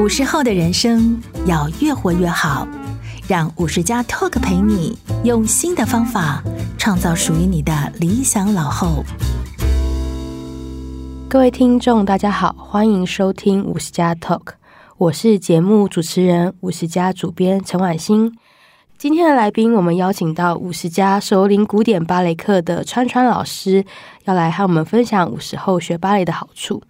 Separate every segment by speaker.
Speaker 1: 五十後的人生要越活越好，讓五十加 Talk 陪你用新的方法創造屬於你的理想老後。各位聽眾，大家好，歡迎收聽五十加 Talk，我是節目主持人五十加主編陳婉欣。今天的來賓，我們邀請到五十加熟齡古典芭蕾課的川川老師，要來和我們分享五十後學芭蕾的好處。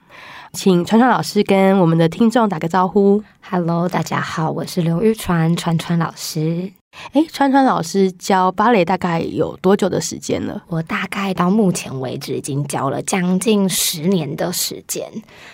Speaker 1: 請川川老師跟我們的聽眾打個招呼。Hello，大家好，我是劉鬱川，川川老師。哎，川川老師教芭蕾大概有多久的時間呢？我大概到目前為止已經教了將近十年的時間，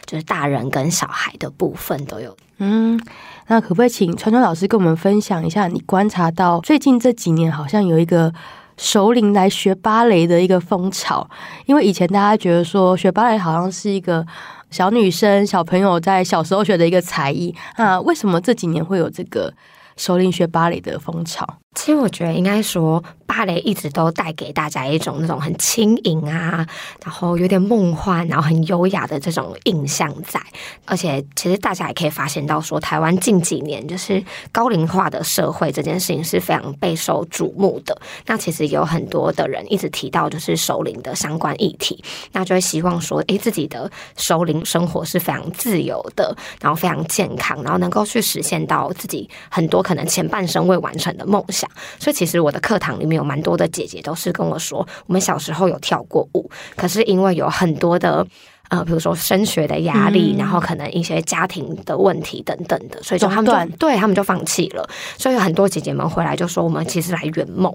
Speaker 1: 就是大
Speaker 2: 人跟小孩的部分都有。
Speaker 1: 嗯，那可不可以請川川老師跟我們分享一下？你觀察到最近這幾年好像有一個熟齡來學芭蕾的一個風潮，因為以前大家覺得說學芭蕾好像是一個。小女生、小朋友在小時候學的一個才藝啊，為什麼這幾年會有這個熟齡學芭蕾的風潮？其實我覺得應該說，芭蕾一直
Speaker 2: 都帶給大家一種那種很輕盈啊，然後有點夢幻，然後很優雅的這種印象在。而且，其實大家也可以發現到說，說台灣近幾年就是高齡化的社會這件事情是非常備受矚目的。那其實有很多的人一直提到就是熟齡的相關議題，那就會希望說，誒，自己的熟齡生活是非常自由的，然後非常健康，然後能夠去實現到自己很多可能前半生未完成的夢想。所以其實我的課堂裡面有蠻多的姐姐都是跟我說，我們小時候有跳過舞，可是因為有很多的呃，比如說升學的壓力、嗯，然後可能一些家庭的問題等等的，所以就他們就、哦、對，對他們就放棄了。所以有很多姐姐們回來就說，我們其實來圓夢。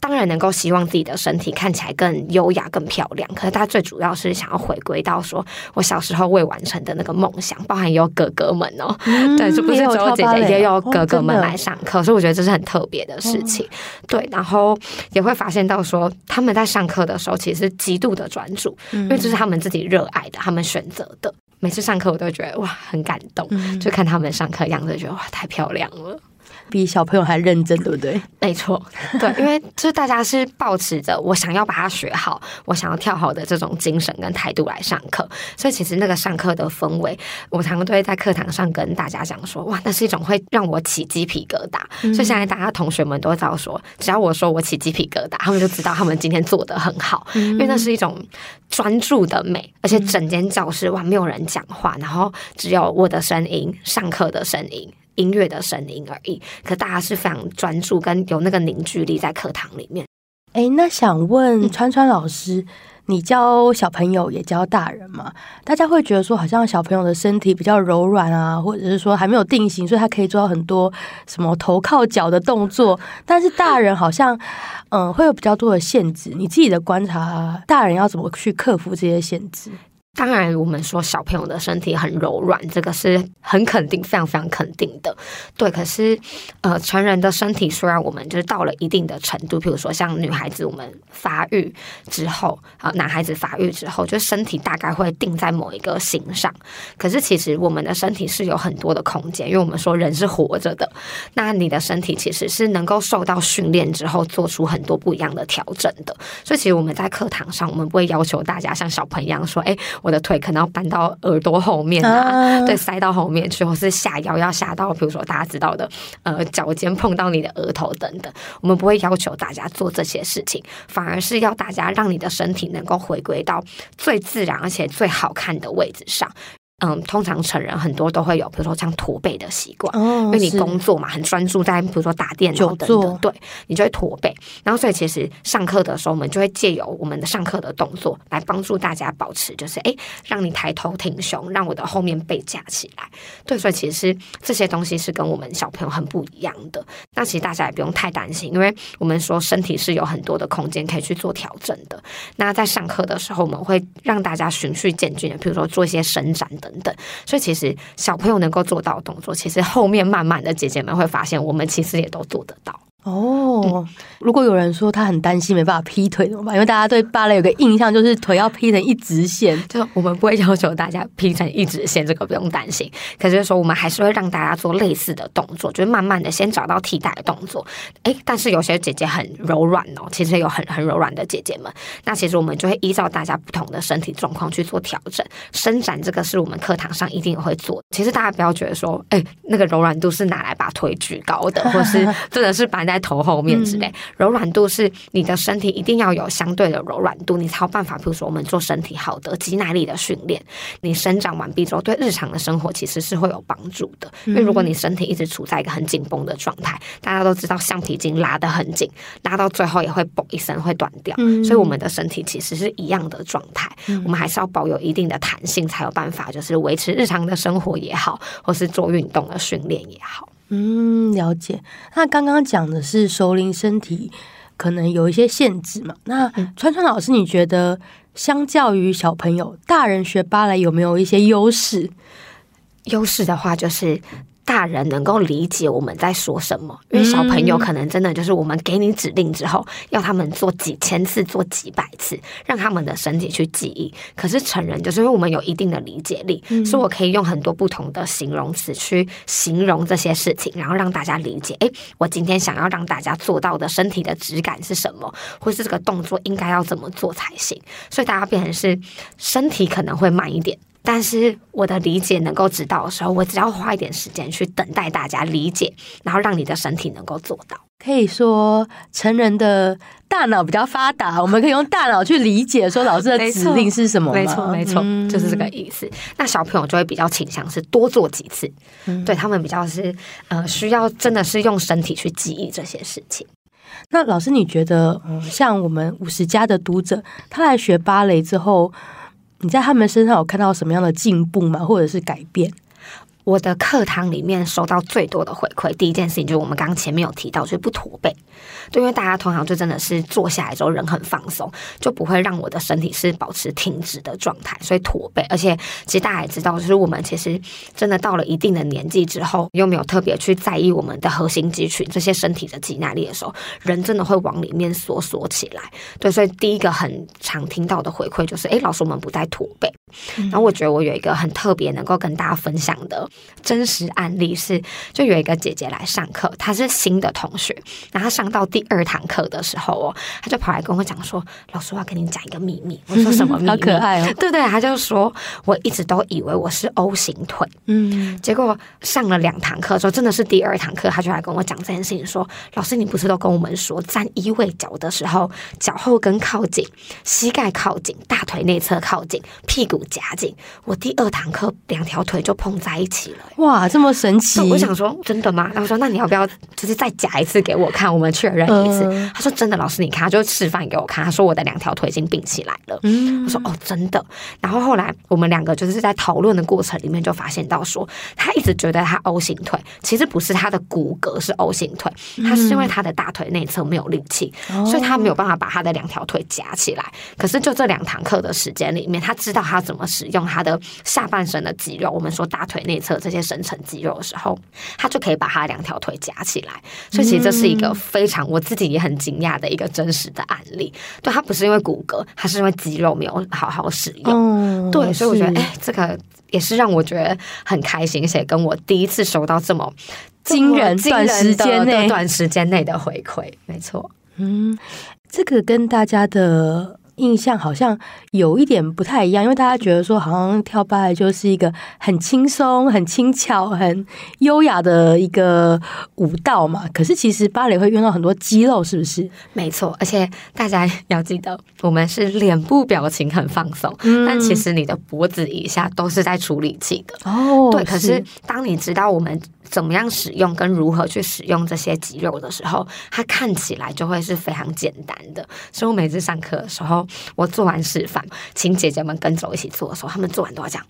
Speaker 2: 當然能夠希望自己的身體看起來更優雅、更漂亮，可是他最主要是想要回歸到說，我小時候未完成的那個夢想，包含有哥哥們哦，嗯、對，是不是只有姐姐，也有哥哥們來上課、嗯哦。所以我覺得這是很特別的事情、嗯。對，然後也會發現到說，他們在上課的時候其實極度的專注，嗯、因為這是他們自己熱愛的、他們選擇的。嗯、每次上課我都覺得哇，很感動、嗯，就看他們上課樣子，覺得哇，太漂亮了。比小朋友還認真，對不對？沒錯，對，因為就是大家是抱持着我想要把它學好， 我想要跳好的這種精神跟態度來上課，所以其實那個上課的氛圍，我常常都會在課堂上跟大家講說，哇，那是一種會讓我起雞皮疙瘩。嗯、所以現在大家同學們都知道，說，只要我說我起雞皮疙瘩，他們就知道他們今天做得很好、嗯，因為那是一種專注的美，而且整間教室哇沒有人講話，然後只有我的聲音，上課的聲音，音樂的聲音而已，可大家是非
Speaker 1: 常專注跟有那個凝聚力在課堂裡面。誒，那想問川川老師，嗯，你教小朋友也教大人嗎？大家會覺得說，好像小朋友的身體比較柔軟啊，或者是說還沒有定型，所以他可以做到很多什麼頭靠腳的動作。但是大人好像，嗯，嗯會有比較多的限制。你自己的觀察，大人要怎麼去克服這些限制？
Speaker 2: 當然，我們說小朋友的身體很柔軟，這個是很肯定、非常非常肯定的。對，可是，呃，成人的身體雖然我們就是到了一定的程度，比如說像女孩子我們發育之後，啊、呃，男孩子發育之後，就身體大概會定在某一個型上。可是，其實我們的身體是有很多的空間，因為我們說人是活着的，那你的身體其實是能夠受到訓練之後，做出很多不一樣的調整的。所以，其實我們在課堂上，我們不會要求大家像小朋友一樣說，誒。我的腿可能要搬到耳朵後面啊，uh. 對，塞到後面去，或是下腰要下到，比如說大家知道的，呃，腳尖碰到你的額頭等等。我們不會要求大家做這些事情，反而是要大家讓你的身體能夠回歸到最自然而且最好看的位置上。嗯，通常成人很多都會有，比如說像駝背的習慣，oh, 因為你工作嘛，很專注在，比如說打電腦等等，對，你就會駝背。然後所以其實上課的時候，我們就會借由我們的上課的動作來幫助大家保持，就是誒，讓你抬頭挺胸，讓我的後面背架起來。對，所以其實這些東西是跟我們小朋友很不一樣的。那其實大家也不用太擔心，因為我們說身體是有很多的空間可以去做調整的。那在上課的時候，我們會讓大家循序漸進的，比如說做一些伸展的。等等，所以其實小朋友能夠做到的動作，其實後面慢慢的姐姐們會發現，我們其實也都
Speaker 1: 做得到。哦、oh, 嗯，如果有人說他很擔心沒辦法劈腿怎麼辦？因為大家對芭蕾有個印象就是腿要劈成一直線， 就我們不會要求，求大家劈成一直線，這個
Speaker 2: 不用擔心。可就是說我們還是會讓大家做類似的動作，就是、慢慢的先找到替代的動作。哎、欸，但是有些姐姐很柔軟哦、喔，其實有很很柔軟的姐姐們，那其實我們就會依照大家不同的身體狀況去做調整。伸展這個是我們課堂上一定會做，其實大家不要覺得說，哎、欸，那個柔軟度是拿來把腿舉高的，或是真的是擺在。在頭後面之類，柔軟度是你的身體一定要有相對的柔軟度，你才有辦法。比如說，我們做身體好的肌耐力的訓練，你生長完畢之後，對日常的生活其實是會有幫助的。因為如果你身體一直處在一個很緊繃的狀態，大家都知道橡皮筋拉得很緊，拉到最後也會嘣一聲會斷掉。所以我們的身體其實是一樣的狀態，我們還是要保有一定的彈性，才有辦法就是維持日常的生活也好，或是做運動的訓練也好。
Speaker 1: 嗯，了解。那剛剛講的是熟齡身體可能有一些限制嘛。那川川老師，你覺得相較於小朋友，大人學芭蕾有沒有一些優勢？優勢的話就是。大人能夠理解我們在說什麼，因為小朋友可
Speaker 2: 能真的就是我們給你指令之後，嗯，要他們做幾千次、做幾百次，讓他們的身體去記憶。可是成人就是因為我們有一定的理解力，嗯，所以我可以用很多不同的形容詞去形容這些事情，然後讓大家理解。誒，我今天想要讓大家做到的身體的質感是什麼，或是這個動作應該要怎麼做才行。所以大家變成是身體可能會慢一點。但是我的理解能夠知道的時候，我只要花一點時間去等待大家理解，然後讓你的身體能夠
Speaker 1: 做到。可以說，成人的大腦比較發達，我們可以用大腦去理解說老師的指令是什麼。沒錯，沒錯、嗯，就是這個意思。那小朋友就會比較傾
Speaker 2: 向是多做幾次，嗯、對他們比較是呃需要真的是用身體去記憶這些事情。
Speaker 1: 那老師，你覺得，嗯，像我們五十加的讀者，他來學芭蕾之後，你在他們身上有看到什麼樣的進步嗎？或者是改變？我的課堂裡面收到最多的回饋，第一件事情就是我們剛剛前面有提
Speaker 2: 到，就是不駝背。對，因為大家通常就真的是坐下來之後人很放鬆，就不會讓我的身體是保持停止的狀態，所以駝背。而且其實大家也知道，就是我們其實真的到了一定的年紀之後，又沒有特別去在意我們的核心肌群這些身體的肌耐力的時候，人真的會往裡面縮縮起來。對，所以第一個很常聽到的回饋就是，誒，老師我們不再駝背。嗯、然後我覺得我有一個很特別能夠跟大家分享的真實案例，是就有一個姐姐來上課，她是新的同學。然後上到第二堂課的時候哦，她就跑來跟我講說：“老師，我要跟你講一個秘密。”我說：“什麼秘密、嗯哼？”“好可愛哦！”對對，她就說：“我一直都以為我是 O 型腿。”嗯，結果上了兩堂課之後，真的是第二堂課，她就來跟我講這件事情說：“老師，你不是都跟我們說站一位腳的時候，腳後跟靠近，膝蓋靠近，大腿內側靠近，屁股。”夾緊，我第二堂課兩條腿就碰在一起了。
Speaker 1: 哇，這麼神奇！我想
Speaker 2: 說，真的嗎？然後我說：“那你要不要就是再夾一次給我看，我們確認一次？”呃、他說：“真的，老師你看，他就示範給我看。”他說：“我的兩條腿已經併起來了。嗯”我說：“哦，真的。”然後後來我們兩個就是在討論的過程裡面就發現到說，他一直覺得他 O 型腿，其實不是他的骨骼是 O 型腿，他是因為他的大腿內側沒有力氣、嗯，所以他沒有辦法把他的兩條腿夾起來、哦。可是就這兩堂課的時間裡面，他知道他是。怎麼使用他的下半身的肌肉？我們說大腿內側這些深層肌肉的時候，他就可以把他兩條腿夾起來。所以其實這是一個非常、嗯、我自己也很驚訝的一個真實的案例。對，他不是因為骨骼，他是因為肌肉沒有好好使
Speaker 1: 用。哦、對，所以我覺得，哎，
Speaker 2: 這個也是讓我覺得很開心，而且跟我第一次收到這麼
Speaker 1: 驚人、這麼短時間內、的短時間內的
Speaker 2: 回饋。沒錯，嗯，
Speaker 1: 這個跟大家的。印象好像有一點不太一樣，因為大家覺得說好像跳芭蕾就是一個很輕鬆、很輕巧、很優雅的一個舞蹈嘛。可是其實芭蕾會用到很多肌肉，是不是？沒錯，而且大家要記得，我們是
Speaker 2: 臉部表情很放鬆、嗯，但其實你的脖子以下都是在處理器的。哦，對。是可是當你知道我們。怎麼樣使用跟如何去使用這些肌肉的時候，它看起來就會是非常簡單的。所以我每次上課的時候，我做完示範，請姐姐們跟着我一起做的時候，她們做完都要講。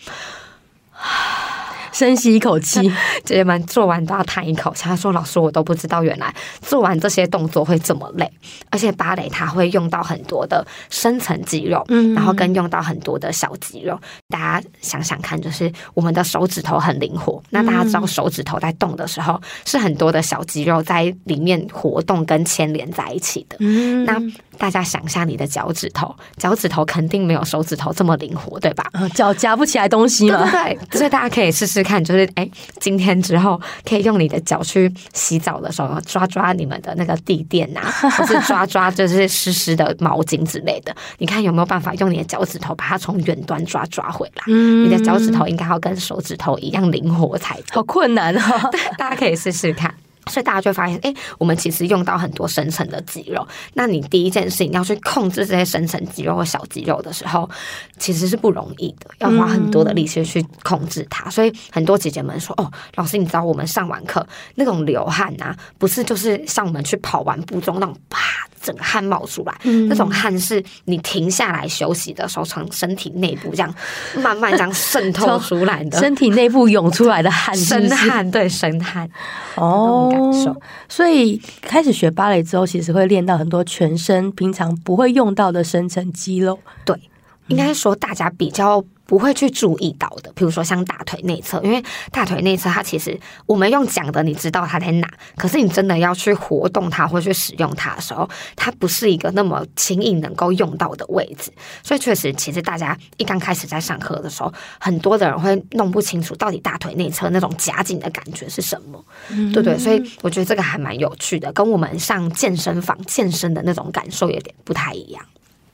Speaker 2: 深吸一口氣， 姐姐們做完都要嘆一口氣，要說，老師我都不知道，原來做完這些動作會這麼累。而且芭蕾它會用到很多的深層肌肉，嗯，嗯，然後跟用到很多的小肌肉。大家想想看，就是我們的手指頭很靈活，那大家知道手指頭在動的時候，嗯嗯是很多的小肌肉在裡面活動跟牽連在一起的。嗯，嗯，那大家想一下，你的腳趾頭，腳趾頭肯定沒有手指頭這麼靈活，對吧？呃、腳夾不起來東西嘛，對，對，對。所以大家可以試試看。 看，就是哎、欸，今天之後可以用你的腳去洗澡的時候抓抓你們的那個地墊吶、啊， 或是抓抓就是濕濕的毛巾之類的。你看有沒有辦法用你的腳趾頭把它從遠端抓抓回來？嗯、你的腳趾頭應該要跟手指頭一樣靈活才。好困難哦， 大家可以試試看。所以大家就發現，哎、欸，我們其實用到很多深層的肌肉。那你第一件事情要去控制這些深層肌肉或小肌肉的時候，其實是不容易的，要花很多的力氣去控制它、嗯。所以很多姐姐們說，哦，老師，你知道我們上完課那種流汗啊，不是就是像我們去跑完步之後那種啪，整個汗冒出來、嗯，那種汗是你停下來休息的時候，從身體內部這樣慢慢這樣滲透出來的，身體
Speaker 1: 內部湧出來的汗，身汗對身汗，哦。嗯感受、哦。所以開始學芭蕾之後，其實會練到很多全身平常不會用到的深層肌肉。對，應該說大家比較。不會去注意到的，比如說像大腿內側，
Speaker 2: 因為大腿內側它其實我們用講的，你知道它在哪，可是你真的要去活動它或者去使用它的時候，它不是一個那麼輕易能夠用到的位置。所以確實，其實大家一剛開始在上課的時候，很多的人會弄不清楚到底大腿內側那種夾緊的感覺是什麼。嗯，
Speaker 1: 對對，所以
Speaker 2: 我覺得這個還蠻有趣的，跟我們上健身房健身的那種感受有點不太一樣。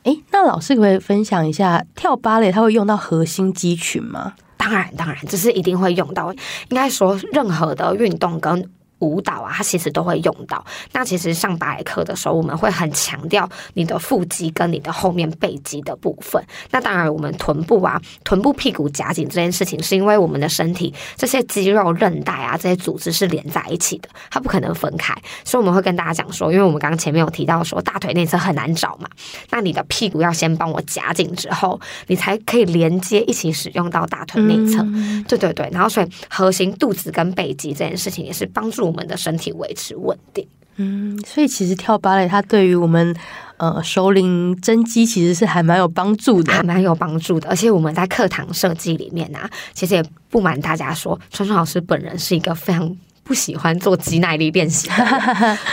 Speaker 1: 哎，那老師可不可以分享一下跳芭蕾，它會用到核心肌群嗎？
Speaker 2: 當然，當然，這是一定會用到。應該說，任何的運動跟。舞蹈啊，它其實都會用到。那其實上芭蕾課的時候，我們會很強調你的腹肌跟你的後面背肌的部分。那當然，我們臀部啊，臀部屁股夾緊這件事情，是因為我們的身體這些肌肉、韌帶啊，這些組織是連在一起的，它不可能分開。所以我們會跟大家講說，因為我們剛剛前面有提到說大腿內側很難找嘛，那你的屁股要先幫我夾緊之後，你才可以連接一起使用到大腿內側。嗯、對對對，然後所以核心、肚子跟背肌這件事情也是幫助我們。我們的身體維持穩定，嗯，
Speaker 1: 所以其實跳芭蕾它對於我們呃，熟齡增肌其實是還蠻有幫助的，還蠻有幫助的。而且我們在課堂設計裡面呢、啊，其實也不瞞大
Speaker 2: 家說，川川老師本人是一個非常不喜歡做肌耐力練習，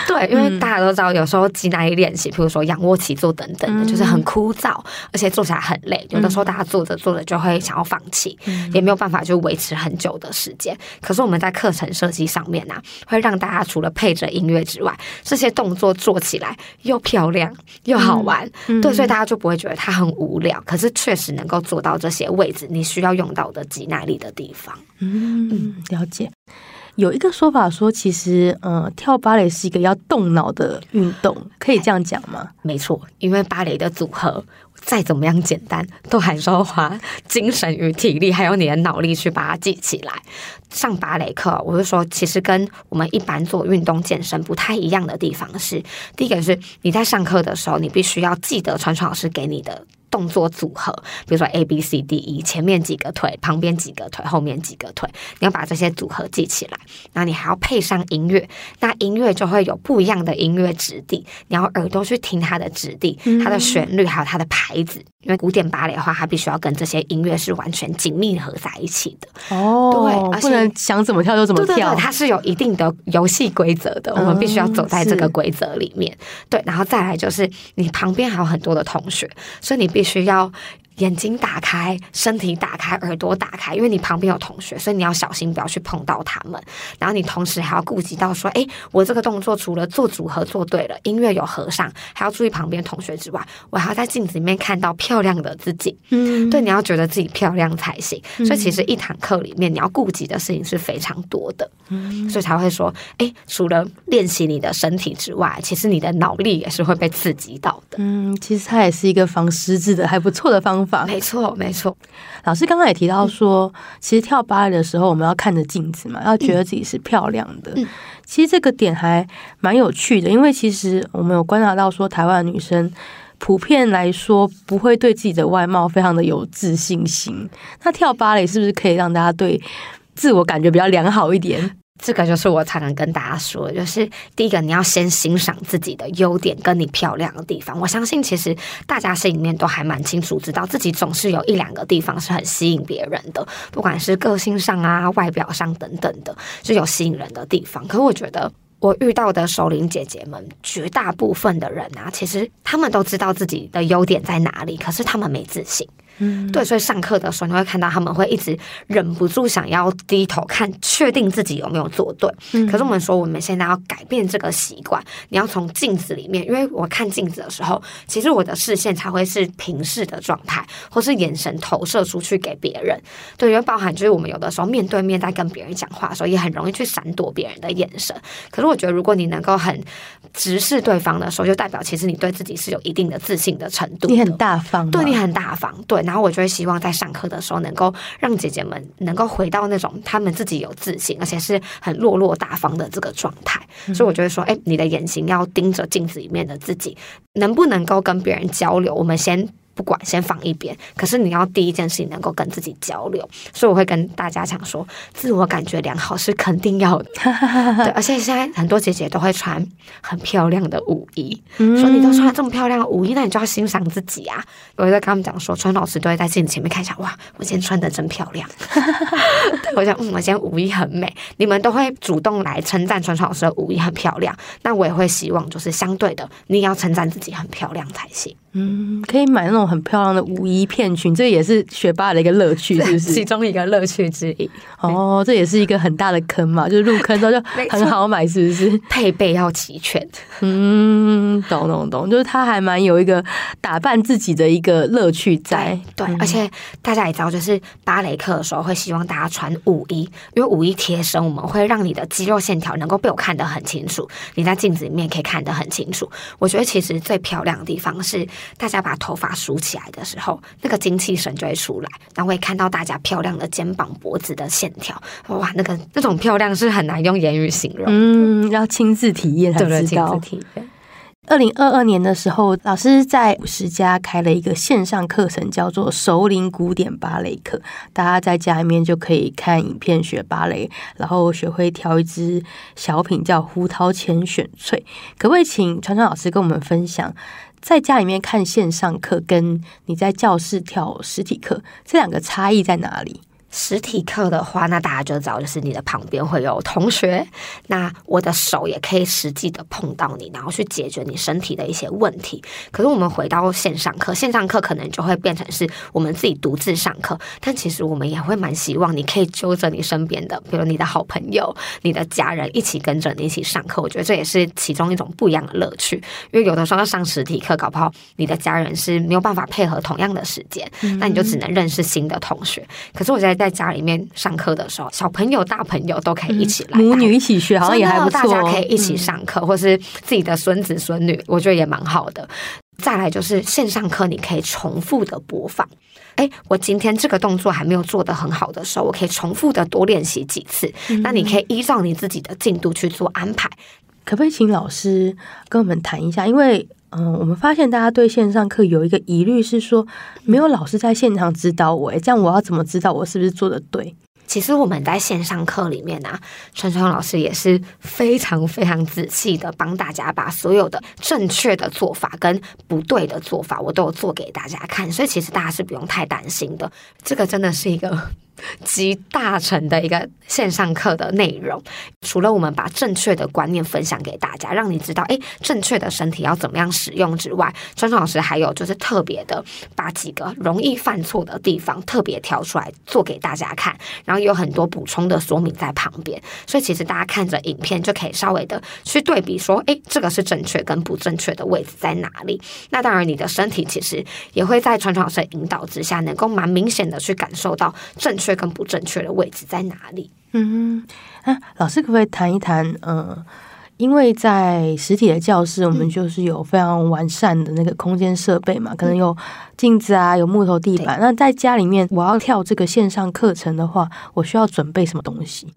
Speaker 2: 對， 對，因為大家都知道，有時候肌耐力練習， 嗯、比如說仰臥起坐等等的，就是很枯燥，而且做起來很累，嗯。有的時候大家做着做着就會想要放棄，嗯，也沒有辦法就維持很久的時間。嗯、可是我們在課程設計上面呢，啊，會讓大家除了配着音樂之外，這些動作做起來又漂亮又好玩，嗯嗯，對，所以大家就不會覺得它很無聊。可是確實能夠做到這些位置，你需要用到的肌耐力的地方。
Speaker 1: 嗯，嗯了解。有一個說法說，其實，嗯，跳芭蕾是一個要動腦的運動，可以這樣講嗎？沒錯，因為芭蕾的組合再
Speaker 2: 怎麼樣簡單，都還是要花精神與體力，還有你的腦力去把它記起來。上芭蕾課，我就說，其實跟我們一般做運動健身不太一樣的地方是，第一個是你在上課的時候，你必須要記得川川老師給你的。動作組合，比如說 A B C D E，前面幾個腿，旁邊幾個腿，後面幾個腿，你要把這些組合記起來。那你還要配上音樂，那音樂就會有不一樣的音樂質地，你要耳朵去聽它的質地，它的旋律還有它的拍子。嗯因為古典芭蕾的話，它必須要跟這些音樂是完全緊密合在一起的。
Speaker 1: 哦，對，不能想怎麼跳就怎麼跳。對對對，它
Speaker 2: 是有一定的
Speaker 1: 遊戲規則的，嗯，我們必須要走在這個
Speaker 2: 規則裡面。對，然後再來就是你旁邊還有很多的同學，所以你必須要。眼睛打開，身體打開，耳朵打開，因為你旁邊有同學，所以你要小心不要去碰到他們。然後你同時還要顧及到說，哎，我這個動作除了做組合做對了，音樂有合上，還要注意旁邊同學之外，我還要在鏡子裡面看到漂亮的自己。嗯，對，你要覺得自己漂亮才行。嗯，所以其實一堂課裡面你要顧及的事情是非常多的。嗯，所以才會說，哎，除了練習你的身體
Speaker 1: 之外，其實你的腦力也是會被刺激到的。嗯，其實它也是一個防失智的，還不錯的方法。沒錯，沒錯。老師剛剛也提到說，嗯、其實跳芭蕾的時候，我們要看着鏡子嘛、嗯，要覺得自己是漂亮的、嗯。其實這個點還蠻有趣的，因為其實我們有觀察到說，台灣的女生普遍來說不會對自己的外貌非常的有自信心。那跳芭蕾是不是可以讓大家對自我感覺比較良好一點？嗯。這個就是我才能跟大家說的，就是第一個，你要先
Speaker 2: 欣賞自己的優點跟你漂亮的地方。我相信其實大家心裡面都還蠻清楚，知道自己總是有一兩個地方是很吸引別人的，不管是個性上啊、外表上等等的，就有吸引人的地方。可是我覺得我遇到的熟齡姐姐們，絕大部分的人啊，其實他們都知道自己的優點在哪裡，可是他們沒自信。嗯，對，所以上課的時候你會看到他們會一直忍不住想要低頭看，確定自己有沒有做對。嗯、可是我們說，我們現在要改變這個習慣，你要從鏡子裡面，因為我看鏡子的時候，其實我的視線才會是平視的狀態，或是眼神投射出去給別人。對，因為包含就是我們有的時候面對面在跟別人講話的時候，也很容易去閃躲別人的眼神。可是我覺得，如果你能夠很直視對方的時候，就代表其實你對自己是有一定的自信的程度的你。你很大方，對你很大方，對。然後我就會希望在上課的時候，能夠讓姐姐們能夠回到那種他們自己有自信，而且是很落落大方的這個狀態。所以，我就會說：“哎，你的眼睛要盯着鏡子裡面的自己，能不能夠跟別人交流？”我們先。不管先放一邊，可是你要第一件事情能夠跟自己交流，所以我會跟大家講說，自我感覺良好是肯定要的， 而且現在很多姐姐都會穿很漂亮的舞衣，說、嗯、你都穿這麼漂亮的舞衣，那你就要欣賞自己啊！我就跟他們講說，川老師都會在鏡子前面看一下，哇，我今天穿的真漂亮。 對，我想，嗯，我今天舞衣很美，你們都會主動來稱讚川、川老師的舞衣很漂亮，那我也會
Speaker 1: 希望就是相對的，你也要稱讚自己很漂亮才行。嗯，可以買那種很漂亮的舞衣片裙，這也是學霸的一個樂趣，是不是？其中一個樂趣之一。哦，這也是一個很大的坑嘛，就是入坑之後就很好買，是不是？配備要齊全。嗯，懂懂懂，就是它還蠻有一個打扮自己的一個樂趣在。對，而且大家也知道，就是芭蕾課的時候會希望大家穿舞衣，
Speaker 2: 因為舞衣貼身，我們會讓你的肌肉線條能夠被我看得很清楚，你在鏡子裡面可以看得很清楚。我覺得其實最漂亮的地方是。大家把頭髮梳起來的時候，那個精氣神就會出來，然後會看到大家漂亮的肩膀、脖子的線條，哇，那個那種漂亮是很難用言語形容的。
Speaker 1: 嗯，要親自體驗才知道。對對對，親自體驗。二零二二年的時候，老師在五十加開了一個線上課程，叫做“熟齡古典芭蕾課”，大家在家裡面就可以看影片學芭蕾，然後學會挑一支小品，叫《胡桃鉗選粹》。可不可以請川川老師跟我們分享？在家裡面看線上課，跟你在教室跳實體課，這兩個差異在哪裡？實體課的話，那大
Speaker 2: 家就知道就是你的旁邊會有同學，那我的手也可以實際的碰到你，然後去解決你身體的一些問題。可是我們回到線上課，線上課可能就會變成是我們自己獨自上課，但其實我們也會蠻希望你可以揪着你身邊的，比如你的好朋友、你的家人一起跟着你一起上課。我覺得這也是其中一種不一樣的樂趣，因為有的時候要上實體課，搞不好你的家人是沒有辦法配合同樣的時間，那、嗯、你就只能認識新的同學。可是我覺得。在家裡面上課的時候，小朋友、大朋友都可以一起來、嗯，母女一起學，好像也還不錯。大家可以一起上課、嗯，或是自己的孫子孫女，我覺得也蠻好的。再來就是線上課，你可以重複的播放。誒、欸，我今天這個動作還沒有做得很好的時候，我可以重複的多練
Speaker 1: 習幾次、嗯。那你可以依照你自己的進度去做安排。可不可以請老師跟我們談一下？因為嗯，我們發現大家對線上課有一個疑慮，是說沒有老師在現場指導我，誒，這樣我要怎麼知道我是不是做的對？其實我們在
Speaker 2: 線上課裡面呢、啊，川川老師也是非常非常仔細的幫大家把所有的正確的做法跟不對的做法，我都有做給大家看，所以其實大家是不用太擔心的。這個真的是一個，集大成的一個線上課的內容，除了我們把正確的觀念分享給大家，讓你知道，哎，正確的身體要怎麼樣使用之外，川川老師還有就是特別的把幾個容易犯錯的地方特別挑出來做給大家看，然後有很多補充的說明在旁邊，所以其實大家看着影片就可以稍微的去對比說，哎，這個是正確跟不正確的位置在哪裡？那當然你的身體其實也會在川川老師引導之下，能夠蠻明顯的去感受到正確的，更不正確的位置在哪裡？嗯
Speaker 1: 哼，啊，老師可不可以談一談？嗯、呃，因為在實體的教室，我們就是有非常完善的那個空間設備嘛、嗯，可能有鏡子啊，有木頭地板。那在家裡面，我要跳這個線上課程的話，我需要準備什麼東西？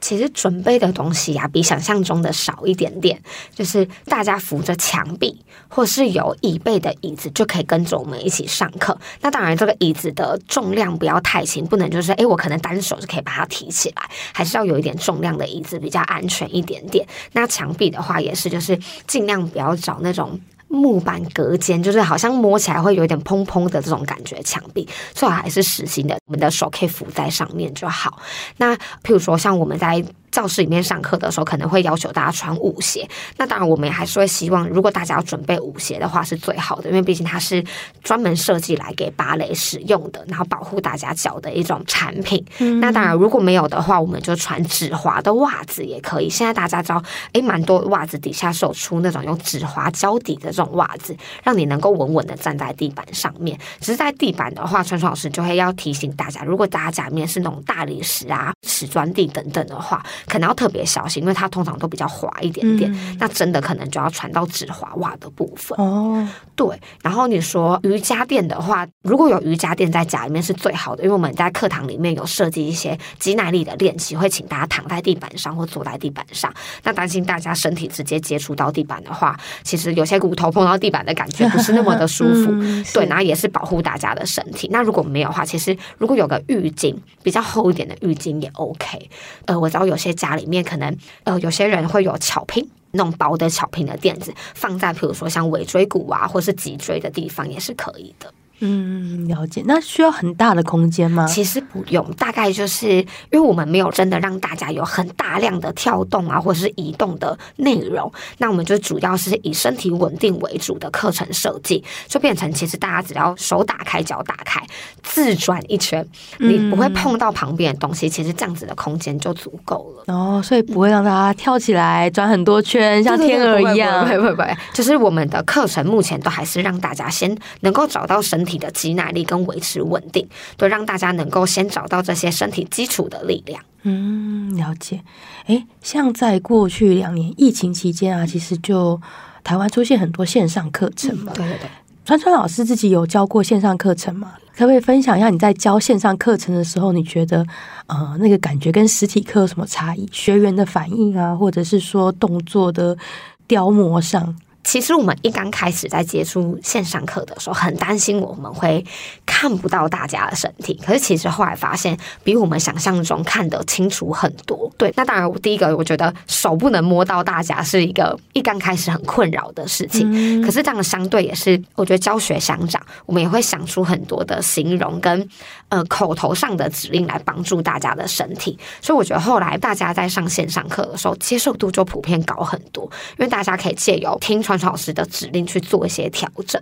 Speaker 1: 其實準備的東西呀、啊，比想象中的少一點點。就是
Speaker 2: 大家扶着牆壁，或是有椅背的椅子，就可以跟着我們一起上課。那當然，這個椅子的重量不要太輕，不能就是誒、欸，我可能單手就可以把它提起來，還是要有一點重量的椅子比較安全一點點。那牆壁的話也是，就是盡量不要找那種。木板隔間，就是好像摸起來會有點砰砰的這種感覺，牆壁最好還是實心的，我們的手可以扶在上面就好。那譬如說，像我們在。教室裡面上課的時候，可能會要求大家穿舞鞋。那當然，我們也還是會希望，如果大家要準備舞鞋的話，是最好的，因為畢竟它是專門設計來給芭蕾使用的，然後保護大家腳的一種產品。嗯、那當然，如果沒有的話，我們就穿止滑的襪子也可以。現在大家知道，誒，蠻多襪子底下是有出那種用止滑膠底的這種襪子，讓你能夠穩穩的站在地板上面。只是在地板的話，川川老師就會要提醒大家，如果大家家裡面是那種大理石啊、瓷磚地等等的話。可能要特別小心，因為它通常都比較滑一點點，嗯、那真的可能就要穿到止滑襪的部分。哦，對。然後你說瑜伽墊的話，如果有瑜伽墊在家裡面是最好的，因為我們在課堂裡面有設計一些肌耐力的練習，會請大家躺在地板上或坐在地板上。那擔心大家身體直接接觸到地板的話，其實有些骨頭碰到地板的感覺不是那麼的舒服。嗯、對，然後也是保護大家的身體。那如果沒有的話，其實如果有個浴巾，比較厚一點的浴巾也 OK。呃，我知道有些。家裡面可能，呃，有些人會有巧拼，那種薄的巧拼的墊子，放在比如說像尾椎骨啊，或是脊椎的地方，也是可以的。
Speaker 1: 嗯，了解。那需要很大的空間嗎？其實不用，大概就是因為我們沒有
Speaker 2: 真的讓大家有很大量的跳動啊，或者是移動的內容。那我們就主要是以身體穩定為主的課程設計，就變成其實大家只要手打開、腳打開，自轉一圈、嗯，你不會碰到旁邊的東西。其實這樣子的空間就足夠
Speaker 1: 了。哦，所以不會讓大家跳起來轉很多圈，嗯、像天鵝一樣。對對對，不會
Speaker 2: 不會，對，不會不會，就是我們的課程目前都還是讓大家先能夠找到身體體的接納力跟維持穩定，都讓大家能夠先找到這些身體基礎的力量。
Speaker 1: 嗯，了解。哎，像在過去兩年疫情期間啊，其實就台灣出現很多線上課程嘛、嗯。對對對，川川老師自己有教過線上課程嗎？可不可以分享一下你在教線上課程的時候，你覺得呃那個感覺跟實體課有什麼差異？學員的反應啊，或者是說動作的雕磨上？
Speaker 2: 其實我們一剛開始在接觸線上課的時候，很擔心我們會看不到大家的身體。可是其實後來發現，比我們想象中看得清楚很多。對，那當然，我第一個我覺得手不能摸到大家是一個一剛開始很困擾的事情。嗯嗯。可是這樣相對也是，我覺得教學相長，我們也會想出很多的形容跟呃口頭上的指令來幫助大家的身體。所以我覺得後來大家在上線上課的時候，接受度就普遍高很多，因為大家可以借由聽傳。老師的指令去做一些調整。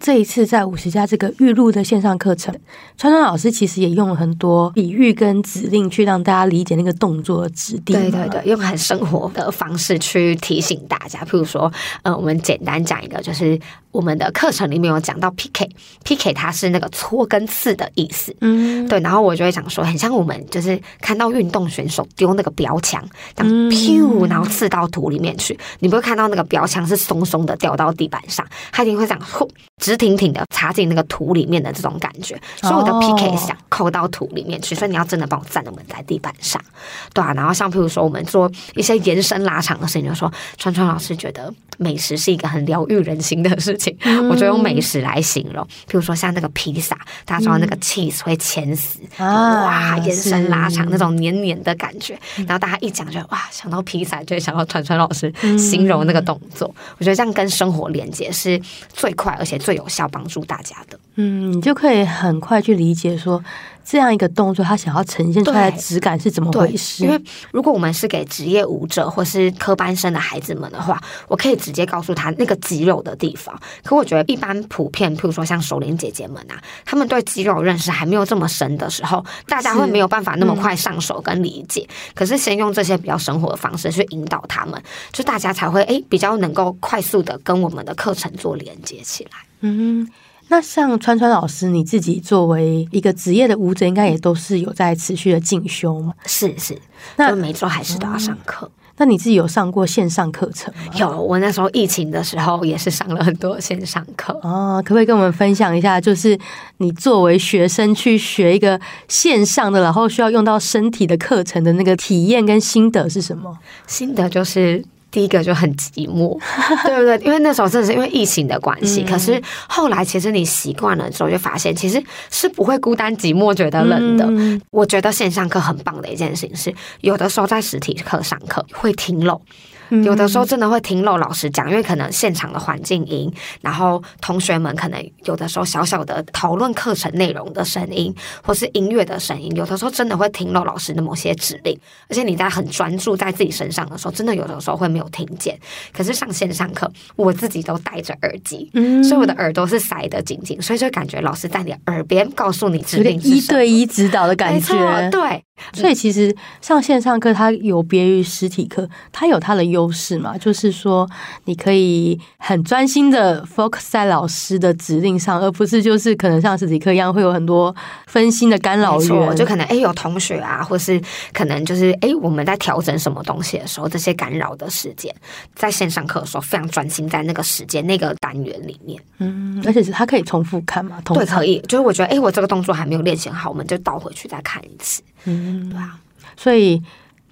Speaker 1: 這一次在 50+ 這個預錄的線上課程，郁川老師其實也用了很多比喻跟指令去讓大家理解那個動作的指定，對對對，用很生活的方式去提醒大家。譬如說，
Speaker 2: 呃，我們簡單講一個，就是。我們的課程裡面有講到 PK，PK 它是那個搓跟刺的意思，嗯，對，然後我就會想說，很像我們就是看到運動選手丟那個標槍，這樣咻，嗯，然後刺到土裡面去，你不會看到那個標槍是鬆鬆的掉到地板上，他一定會這樣吼，直挺挺的插進那個土裡面的這種感覺。所以我的 PK 想扣到土裡面去，哦，所以你要真的幫我站的穩在地板上，對啊，然後像譬如說我們做一些延伸拉長的事情，就說川川老師覺得美食是一個很療癒人心的事情。我就用美食來形容，比如說像那個披薩，大家知道那個 cheese 會牽絲、
Speaker 1: 啊，哇，延伸拉長那種
Speaker 2: 黏黏的感覺。然後大家一講就哇，想到披薩，就想到川川老師形容那個動作、嗯。我覺得這樣跟生活連接是最快而且最有效幫助大家的。
Speaker 1: 嗯，你就可以很快去理解說。這樣一個動作，他想要呈現出來的質感是怎麼回事？因為
Speaker 2: 如果我們是給職業舞者或是科班生的孩子們的話，我可以直接告訴他那個肌肉的地方。可我覺得一般普遍，比如說像熟齡姐姐們啊，他們對肌肉認識還沒有這麼深的時候，大家會沒有辦法那麼快上手跟理解。是，可是先用這些比較生活的方式去引導他們，就大家才會哎比較能夠快速的跟我們的課程做連接起來。
Speaker 1: 嗯。那像川川老師，你自己作為一個職業的舞者，應該也都是有在持續的進修嗎？是是，那每周還是都要上課。嗯，那你自己有上過線上課程？有，我那時候疫情的時候也是上了很多線上課。哦，嗯，可不可以跟我們分享一下，就是你作為學生去學一個線上的，然後需要用到身體的課程的那個體驗跟心得是什麼？心得就是。第一個就很寂寞，
Speaker 2: 對不對？因為那時候真的是因為疫情的關係， 可是後來其實你習慣了之後，就發現其實是不會孤單寂寞，覺得冷的。 我覺得線上課很棒的一件事情是，是有的時候在實體課上課會挺冷。 有的時候真的會聽漏老,老師講，因為可能現場的環境音，然後同學們可能有的時候小小的討論課程內容的聲音，或是音樂的聲音，有的時候真的會聽漏老,老師的某些指令。而且你在很專注在自己身上的時候，真的有的時候會沒有聽見。可是上線上課，我自己都戴着耳機， 所以我的耳朵是塞得緊緊，所以就感覺老師在你
Speaker 1: 耳邊告訴你指令。有點一對一指導的感覺， 對。所以其實上線上課它有別於實體課，它有它的優。都是嘛，就是說你可以很專心的 focus 在老師的指令上，而不是就是可能像實體課一樣會有很多分心的干擾源，就可能哎有同學啊，或是可能
Speaker 2: 就是哎我們在調整什麼東西的時候，這些干擾的時間在線上課的時候非常專心在那個時間那個單元裡面，
Speaker 1: 嗯，而且是他可以重複看嘛，對，可以，
Speaker 2: 就是我覺得哎我這個動作還沒有練習好，我們就倒回去再看一次，嗯，
Speaker 1: 對啊，所以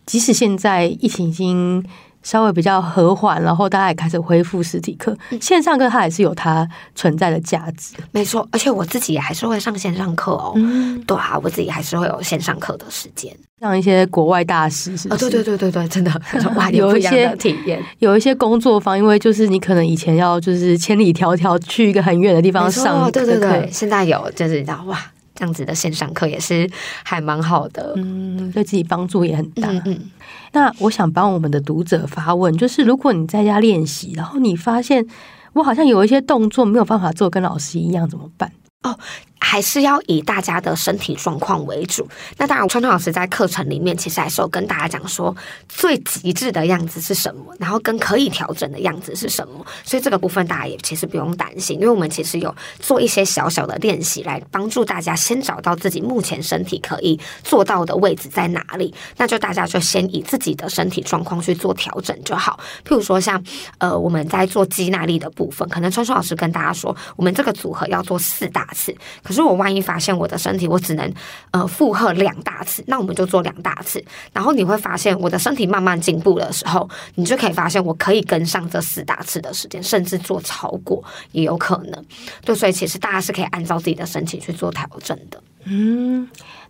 Speaker 1: 即使現在疫情已經、嗯。稍微比較和緩，然後大家也開始恢復實體課，線上課它也是有它存在的價值。嗯、沒錯，而且我自己也還是會上線上課哦、嗯。對啊，我自己還是會有線上課的時間，像一些國外大師啊，對、哦、對對對對，真的哇， 有一些體驗， 有一些工作坊，因為就是你可能以前要就是千里迢迢去一個很遠的地方上課、哦，對對對，現在有就是你知道哇，這樣子的線上課也是還蠻好的，嗯，對自己幫助也很大，嗯，嗯。那我想幫我們的讀者發問，就是如果你在家練習，然後你發現我好像有一些動作沒有辦法做跟老師一樣，怎麼辦？哦。
Speaker 2: 還是要以大家的身體狀況為主。那當然，川川老師在課程裡面其實還是有跟大家講說最極致的樣子是什麼，然後跟可以調整的樣子是什麼。所以這個部分大家也其實不用擔心，因為我們其實有做一些小小的練習來幫助大家先找到自己目前身體可以做到的位置在哪裡。那就大家就先以自己的身體狀況去做調整就好。譬如說像，像呃我們在做肌耐力的部分，可能川川老師跟大家說，我們這個組合要做四大次。可是我萬一發現我的身體，我只能呃負荷兩大次，那我們就做兩大次。然後你會發現，我的身體慢慢進步的時候，你就可以發現我可以跟上這四大次的時間，甚至做超過也有可能。對，所以其實大家是可以按照自己的身體去做調整的。
Speaker 1: 嗯，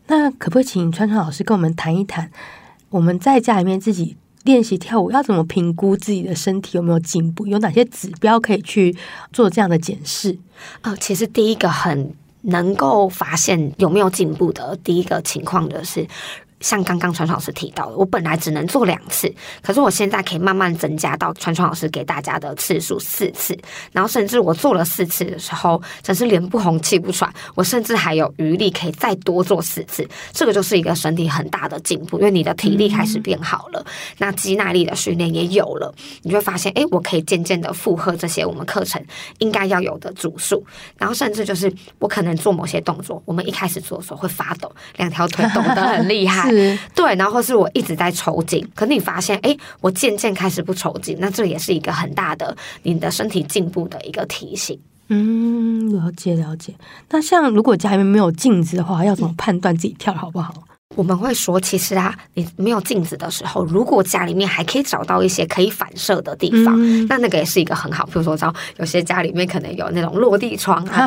Speaker 1: 那可不可以請川川老師跟我們談一談，我們在家裡面自己練習跳舞，要怎麼評估自己的身體有沒有進步，有哪些指標可以去做這樣的檢視？哦、呃，其實第一個很。能
Speaker 2: 夠發現有沒有進步的第一個情況就是。像剛剛川川老師提到的，我本來只能做兩次，可是我現在可以慢慢增加到川川老師給大家的次數四次，然後甚至我做了四次的時候，真是臉不紅氣不喘，我甚至還有餘力可以再多做四次。這個就是一個身體很大的進步，因為你的體力開始變好了，嗯、那肌耐力的訓練也有了，你就會發現，哎，我可以漸漸的負荷這些我們課程應該要有的組數，然後甚至就是我可能做某些動作，我們一開始做的時候會發抖，兩條腿抖得很厲害。 對，然後是我一直在抽筋，可你發現，哎，我漸漸開始不抽筋，那這也是一個很大的你的身體進步的一個提醒。
Speaker 1: 嗯，了解了解。那像如果家裡面沒有鏡子的話，要怎麼判斷自己跳好不好？嗯我們會說，其實啊，你
Speaker 2: 沒有鏡子的時候，如果家裡面還可以找到一些可以反射的地方，那、嗯嗯、那個也是一個很好。比如說，知道有些家裡面可能有那種落地窗啊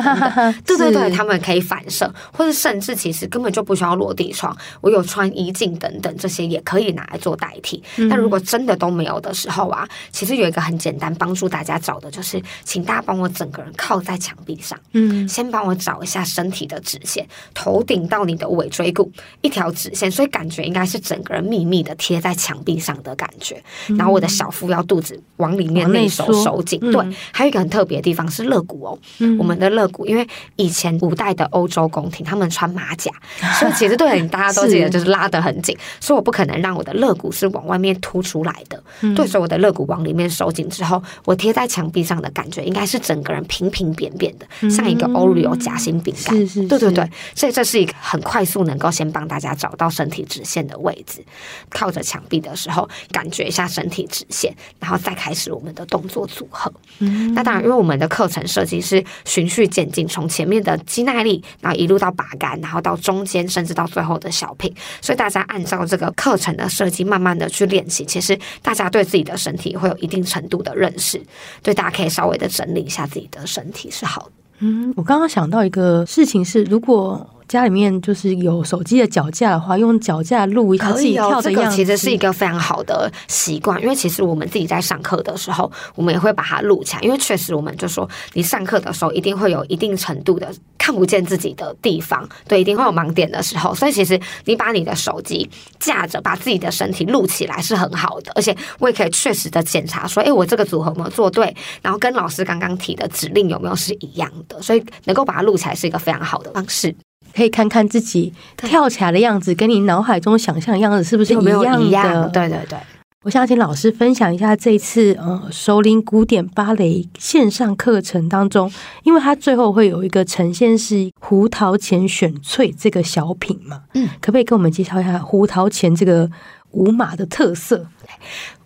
Speaker 2: 等等， 對對對，他們可以反射，或者甚至其實根本就不需要落地窗，我有穿衣鏡等等這些也可以拿來做代替嗯嗯。但如果真的都沒有的時候啊，其實有一個很簡單幫助大家找的就是，請大家幫我整個人靠在牆壁上，嗯，嗯，先幫我找一下身體的直線，頭頂到你的尾椎骨一條。直線，所以感覺應該是整個人密密的貼在牆壁上的感覺，嗯。然後我的小腹要肚子往裡面內收收緊，對，嗯。還有一個很特別的地方是肋骨哦，嗯，我們的肋骨，因為以前古代的歐洲宮廷他們穿馬甲，啊，所以其實對大家都記得就是拉得很緊，所以我不可能讓我的肋骨是往外面凸出來的。嗯，對所以我的肋骨往裡面收緊之後，我貼在牆壁上的感覺應該是整個人平平扁扁的，嗯，像一個 Oreo 夾心餅乾，嗯。對對對，所以這是一個很快速能夠先幫大家。找到身體直線的位置，靠着牆壁的時候，感覺一下身體直線，然後再開始我們的動作組合。嗯，那當然，因為我們的課程設計是循序漸進，從前面的肌耐力，然後一路到把桿，然後到中間，甚至到最後的小品，所以大家按照這個課程的設計，慢慢的去練習，其實大家對自己的身體會有一定程度的認識，對，大家可以稍微的整理一下自己的身體是好
Speaker 1: 的。嗯，我剛剛想到一個事情是，如果。家裡面就是有手機的腳架的話，用腳架錄自己跳這樣子，可以哦這個、其實是一個
Speaker 2: 非常好的習慣。因為其實我們自己在上課的時候，我們也會把它錄起來。因為確實，我們就說你上課的時候一定會有一定程度的看不見自己的地方，對，一定會有盲點的時候。所以，其實你把你的手機架着，把自己的身體錄起來是很好的。而且，我也可以確實的檢查說，哎、欸，我這個組合有沒有做對，然後跟老師剛剛提的指令有沒有是一樣的。所以，能夠把它錄起來是一個非常好的方
Speaker 1: 式。可以看看自己跳起來的樣子，跟你腦海中想象的樣子是不是一樣的？一樣，對對對，我想要請老師分享一下這一次呃、嗯，熟齡古典芭蕾線上課程當中，因為它最後會有一個呈現是《胡桃鉗選粹》這個小品嘛。嗯，可不可以給我們介紹一下《胡桃鉗》這個舞碼的特色？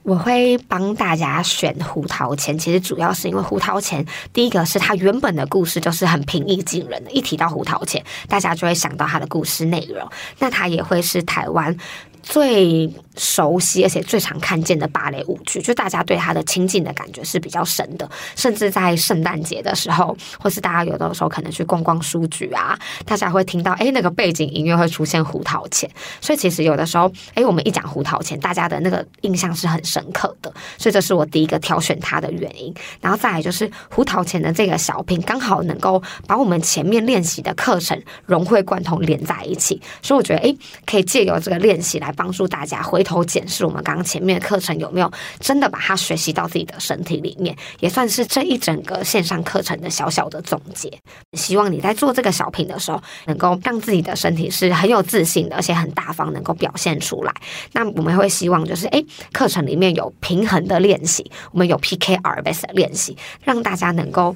Speaker 1: 我會幫大家選胡桃鉗，其實主
Speaker 2: 要是因為胡桃鉗。第一個是他原本的故事就是很平易近人的，一提到胡桃鉗，大家就會想到他的故事內容，那他也會是台灣，最熟悉，而且最常看見的芭蕾舞劇，就大家對它的親近的感覺是比較深的。甚至在聖誕節的時候，或是大家有的時候可能去逛逛書局啊，大家會聽到哎、欸，那個背景音樂會出現胡桃鉗。所以其實有的時候，哎、欸，我們一講胡桃鉗，大家的那個印象是很深刻的。所以這是我第一個挑選它的原因。然後再來就是胡桃鉗的這個小品，剛好能夠把我們前面練習的課程融會貫通連在一起。所以我覺得哎、欸，可以借由這個練習來。來幫助大家回頭檢視我們剛剛前面的課程有沒有真的把它學習到自己的身體裡面，也算是這一整個線上課程的小小的總結。希望你在做這個小品的時候，能夠讓自己的身體是很有自信的，而且很大方能夠表現出來。那我們會希望就是誒，誒，課程裡面有平衡的練習，我們有 PKR based 的練習，讓大家能夠，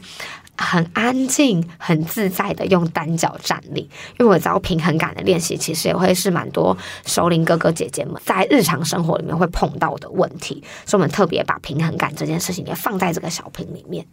Speaker 2: 很安靜、很自在的用單腳站立，因為我知道平衡感的練習其實也會是蠻多熟齡哥哥姐姐們在日常生活裡面會碰到的問題，所以我們特別把平衡感這件事情也放在這個小品裡面。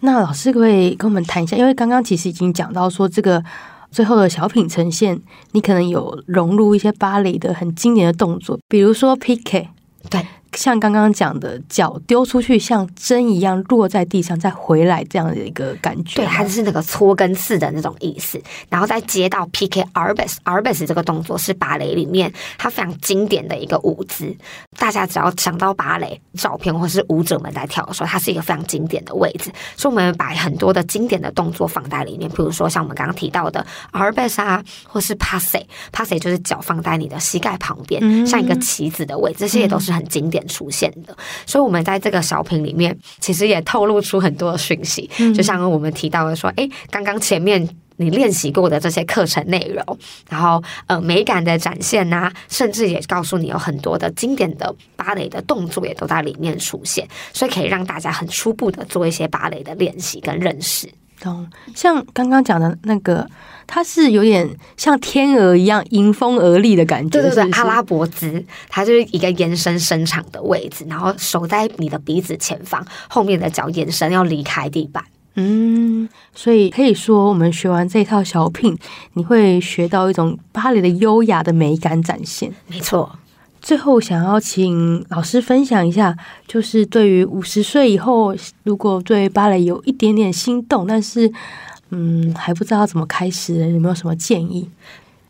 Speaker 1: 那老師可以跟我們談一下，因為剛剛其實已經講到說，這個最後的小品呈現，你可能有融入一些芭蕾的很經典的動作，比如說 pique，對。像剛剛講的，腳丟出去像針一樣落在地上再回來這樣的一個感覺，對，還是那個搓跟刺的那種意思。然後再
Speaker 2: 接到 PK R 本 R s 這個動作是芭蕾裡面它非常經典的一個舞姿。大家只要想到芭蕾照片或是舞者們在跳的時候，它是一個非常經典的位置。所以，我們把很多的經典的動作放在裡面，比如說像我們剛剛提到的 R 本啊，或是 p a s s p a s s 就是腳放在你的膝蓋旁邊，嗯嗯像一個棋子的位置，這些也都是很經典的。出現的，所以我們在這個小品裡面其實也透露出很多訊息、嗯，就像我們提到的說，誒，剛剛前面你練習過的這些課程內容，然後呃，美感的展現呐、啊，甚至也告訴你有很多的經典的芭蕾的動作也都在裡面出現，所以可以讓大家很初步的做一些芭蕾的練習跟認識。
Speaker 1: 像剛剛講的那個。它是有點像天鵝一樣迎風而立的感覺，就是，是阿拉伯姿，它就是
Speaker 2: 一個延伸伸長的位置，然後手在你的鼻子前方，後面的腳延伸
Speaker 1: 要離開地板。嗯，所以可以說，我們學完這套小品，你會學到一種芭蕾的優雅的美感展現。沒錯。最後，想要請老師分享一下，就是對於五十歲以後，如果對芭蕾有一點點心動，但是，嗯，還不知道怎麼開始，有沒有什麼建議？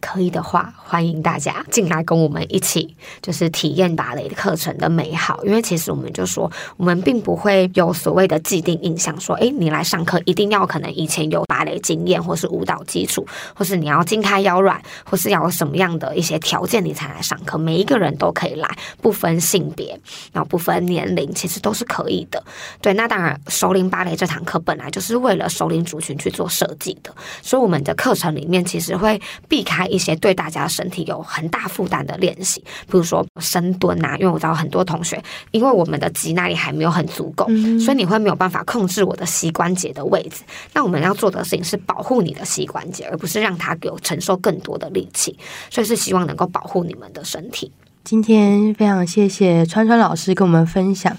Speaker 1: 可以的話，歡迎大家進來跟我們一起，就是體
Speaker 2: 驗芭蕾課程的美好。因為其實我們就說，我們並不會有所謂的既定印象說，說誒你來上課一定要可能以前有芭蕾經驗，或是舞蹈基礎，或是你要筋開腰軟，或是要有什麼樣的一些條件你才來上課。每一個人都可以來，不分性別，然後不分年齡，其實都是可以的。對，那當然，熟齡芭蕾這堂課本來就是為了熟齡族群去做設計的，所以我們的課程裡面其實會避開。一些對大家身體有很大負擔的練習，比如說深蹲吶、啊。因為我知道很多同學，因為我們的肌耐力還沒有很足夠、嗯，所以你會沒有辦法控制我的膝關節的位置。那我們要做的事情是保護你的膝關節，而不是讓它給我承受更多的力氣。所以是希望能夠保護你們的身體。
Speaker 1: 今天非常謝謝川川老師跟我們分享。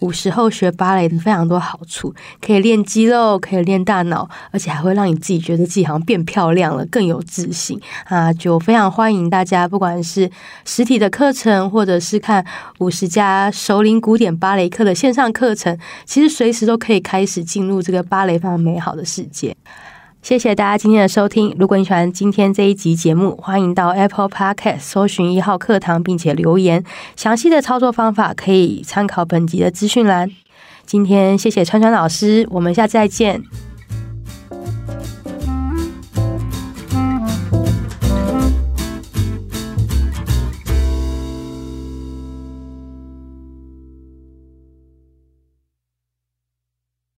Speaker 1: 五十後學芭蕾的非常多好處，可以練肌肉，可以練大腦，而且還會讓你自己覺得自己好像變漂亮了，更有自信啊！就非常歡迎大家，不管是實體的課程，或者是看 50+ 熟齡古典芭蕾課的線上課程，其實隨時都可以開始進入這個芭蕾非常美好的世界。謝謝大家今天的收聽。如果你喜歡今天這一集節目，歡迎到 Apple Podcast 搜尋一號課堂，並且留言。詳細的操作方法可以參考本集的資訊欄。今天謝謝川川老師，我們下次再見。